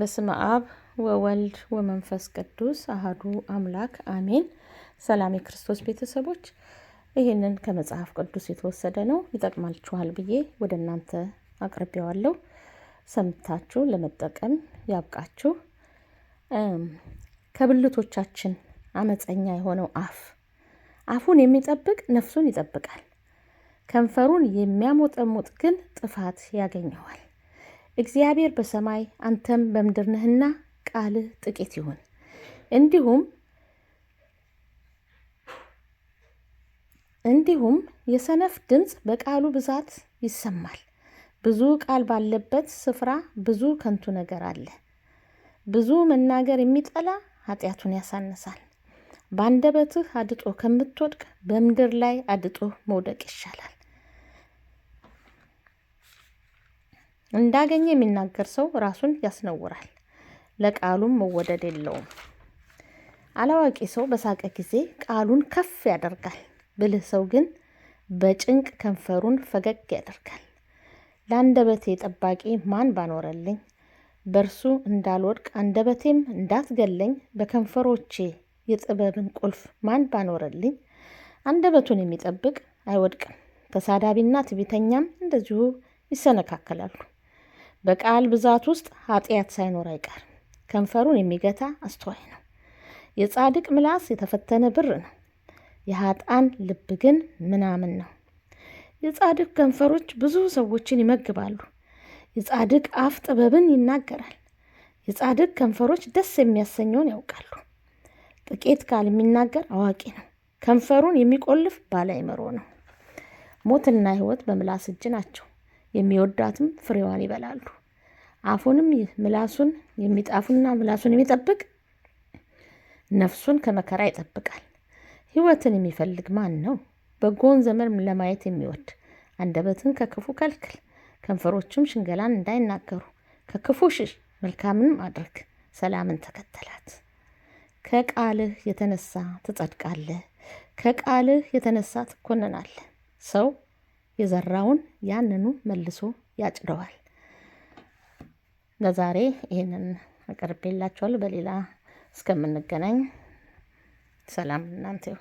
በስመ አብ ወወልድ ወመንፈስ ቅዱስ አህዱ አምላክ አሜን። ሰላም የክርስቶስ ቤተሰቦች፣ ይህንን ከመጽሐፍ ቅዱስ የተወሰደ ነው። ይጠቅማችኋል ብዬ ወደ እናንተ አቅርቤዋለሁ። ሰምታችሁ ለመጠቀም ያብቃችሁ። ከብልቶቻችን አመፀኛ የሆነው አፍ አፉን የሚጠብቅ ነፍሱን ይጠብቃል፣ ከንፈሩን የሚያሞጠሙጥ ግን ጥፋት ያገኘዋል። እግዚአብሔር በሰማይ አንተም በምድር ነህና ቃልህ ጥቂት ይሁን። እንዲሁም እንዲሁም የሰነፍ ድምፅ በቃሉ ብዛት ይሰማል። ብዙ ቃል ባለበት ስፍራ ብዙ ከንቱ ነገር አለ። ብዙ መናገር የሚጠላ ኃጢአቱን ያሳንሳል። በአንደበትህ አድጦ ከምትወድቅ በምድር ላይ አድጦ መውደቅ ይሻላል። እንዳገኘ የሚናገር ሰው ራሱን ያስነውራል፣ ለቃሉም መወደድ የለውም። አላዋቂ ሰው በሳቀ ጊዜ ቃሉን ከፍ ያደርጋል፣ ብልህ ሰው ግን በጭንቅ ከንፈሩን ፈገግ ያደርጋል። ለአንደበቴ ጠባቂ ማን ባኖረልኝ፣ በእርሱ እንዳልወድቅ አንደበቴም እንዳትገለኝ፣ በከንፈሮቼ የጥበብን ቁልፍ ማን ባኖረልኝ። አንደበቱን የሚጠብቅ አይወድቅም፣ ተሳዳቢና ትዕቢተኛም እንደዚሁ ይሰነካከላሉ። በቃል ብዛት ውስጥ ኃጢአት ሳይኖር አይቀርም። ከንፈሩን የሚገታ አስተዋይ ነው። የጻድቅ ምላስ የተፈተነ ብር ነው፣ የሀጣን ልብ ግን ምናምን ነው። የጻድቅ ከንፈሮች ብዙ ሰዎችን ይመግባሉ። የጻድቅ አፍ ጥበብን ይናገራል። የጻድቅ ከንፈሮች ደስ የሚያሰኘውን ያውቃሉ። ጥቂት ቃል የሚናገር አዋቂ ነው። ከንፈሩን የሚቆልፍ ባለ አእምሮ ነው። ሞትና ሕይወት በምላስ እጅ ናቸው። የሚወዳትም ፍሬዋን ይበላሉ። አፉንም ምላሱን የሚጣፉና ምላሱን የሚጠብቅ ነፍሱን ከመከራ ይጠብቃል። ሕይወትን የሚፈልግ ማን ነው? በጎን ዘመን ለማየት የሚወድ አንደበትን ከክፉ ከልክል፣ ከንፈሮችም ሽንገላን እንዳይናገሩ ከክፉ ሽሽ፣ መልካምንም አድርግ፣ ሰላምን ተከተላት። ከቃልህ የተነሳ ትጸድቃለህ፣ ከቃልህ የተነሳ ትኮነናለ ሰው የዘራውን ያንኑ መልሶ ያጭደዋል። ለዛሬ ይህንን አቀርቤላችኋል። በሌላ እስከምንገናኝ ሰላም እናንተ